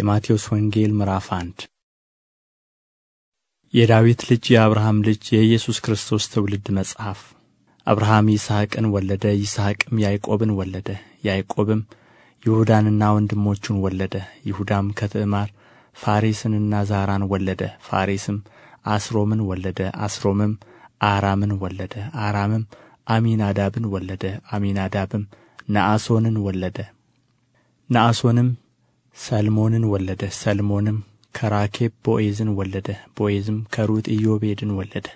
የማቴዎስ ወንጌል ምዕራፍ 1 የዳዊት ልጅ የአብርሃም ልጅ የኢየሱስ ክርስቶስ ትውልድ መጽሐፍ። አብርሃም ይስሐቅን ወለደ፣ ይስሐቅም ያዕቆብን ወለደ፣ ያዕቆብም ይሁዳንና ወንድሞቹን ወለደ። ይሁዳም ከትዕማር ፋሬስንና ዛራን ወለደ፣ ፋሬስም አስሮምን ወለደ፣ አስሮምም አራምን ወለደ፣ አራምም አሚናዳብን ወለደ፣ አሚናዳብም ነአሶንን ወለደ፣ ነአሶንም ሰልሞንን ወለደ ሰልሞንም ከራኬብ ቦኤዝን ወለደ ቦኤዝም ከሩት ኢዮቤድን ወለደ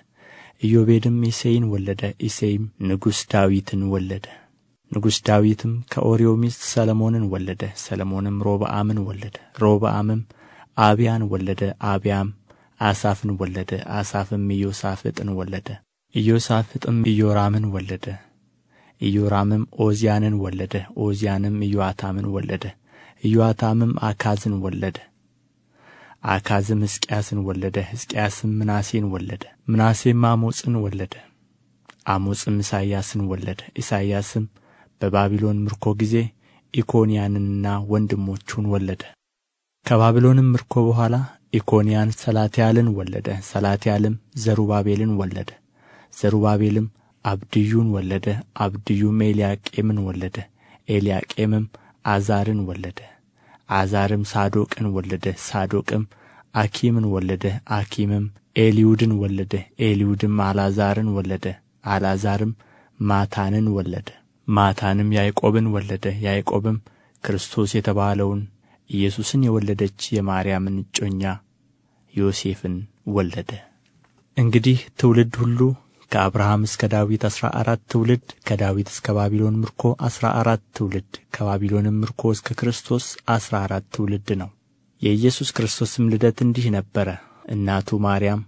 ኢዮቤድም ኢሴይን ወለደ ኢሴይም ንጉሥ ዳዊትን ወለደ ንጉሥ ዳዊትም ከኦርዮ ሚስት ሰለሞንን ወለደ ሰለሞንም ሮብዓምን ወለደ ሮብዓምም አብያን ወለደ አብያም አሳፍን ወለደ አሳፍም ኢዮሳፍጥን ወለደ ኢዮሳፍጥም ኢዮራምን ወለደ ኢዮራምም ኦዝያንን ወለደ ኦዝያንም ኢዮአታምን ወለደ ኢዮአታምም አካዝን ወለደ። አካዝም ሕዝቅያስን ወለደ። ሕዝቅያስም ምናሴን ወለደ። ምናሴም አሞጽን ወለደ። አሞጽም ኢሳይያስን ወለደ። ኢሳይያስም በባቢሎን ምርኮ ጊዜ ኢኮንያንንና ወንድሞቹን ወለደ። ከባቢሎንም ምርኮ በኋላ ኢኮንያን ሰላትያልን ወለደ። ሰላትያልም ዘሩባቤልን ወለደ። ዘሩባቤልም አብድዩን ወለደ። አብድዩም ኤልያቄምን ወለደ። ኤልያቄምም አዛርን ወለደ። አዛርም ሳዶቅን ወለደ ሳዶቅም አኪምን ወለደ አኪምም ኤልዩድን ወለደ ኤልዩድም አልዓዛርን ወለደ አልዓዛርም ማታንን ወለደ ማታንም ያዕቆብን ወለደ ያዕቆብም ክርስቶስ የተባለውን ኢየሱስን የወለደች የማርያምን እጮኛ ዮሴፍን ወለደ። እንግዲህ ትውልድ ሁሉ ከአብርሃም እስከ ዳዊት አሥራ አራት ትውልድ ከዳዊት እስከ ባቢሎን ምርኮ አሥራ አራት ትውልድ ከባቢሎንም ምርኮ እስከ ክርስቶስ አሥራ አራት ትውልድ ነው። የኢየሱስ ክርስቶስም ልደት እንዲህ ነበረ። እናቱ ማርያም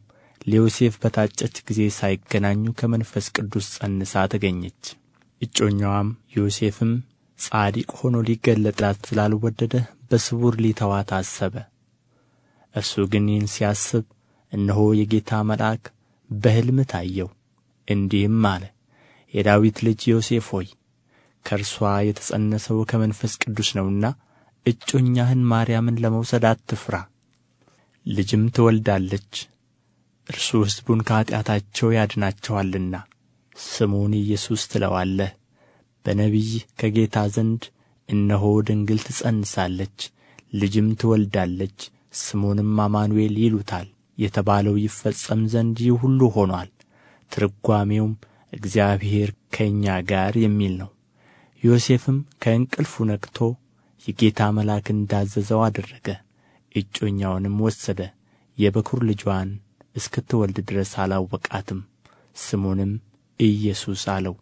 ለዮሴፍ በታጨች ጊዜ ሳይገናኙ ከመንፈስ ቅዱስ ጸንሳ ተገኘች። እጮኛዋም ዮሴፍም ጻድቅ ሆኖ ሊገለጥላት ስላልወደደ በስቡር ሊተዋት አሰበ። እርሱ ግን ይህን ሲያስብ እነሆ የጌታ መልአክ በሕልም ታየው፣ እንዲህም አለ የዳዊት ልጅ ዮሴፍ ሆይ ከእርሷ የተጸነሰው ከመንፈስ ቅዱስ ነውና እጮኛህን ማርያምን ለመውሰድ አትፍራ። ልጅም ትወልዳለች፣ እርሱ ሕዝቡን ከኀጢአታቸው ያድናቸዋልና ስሙን ኢየሱስ ትለዋለህ። በነቢይ ከጌታ ዘንድ እነሆ ድንግል ትጸንሳለች፣ ልጅም ትወልዳለች፣ ስሙንም አማኑኤል ይሉታል የተባለው ይፈጸም ዘንድ ይህ ሁሉ ሆኗል። ትርጓሜውም እግዚአብሔር ከእኛ ጋር የሚል ነው ዮሴፍም ከእንቅልፉ ነቅቶ የጌታ መልአክ እንዳዘዘው አደረገ እጮኛውንም ወሰደ የበኩር ልጇን እስክትወልድ ድረስ አላወቃትም ስሙንም ኢየሱስ አለው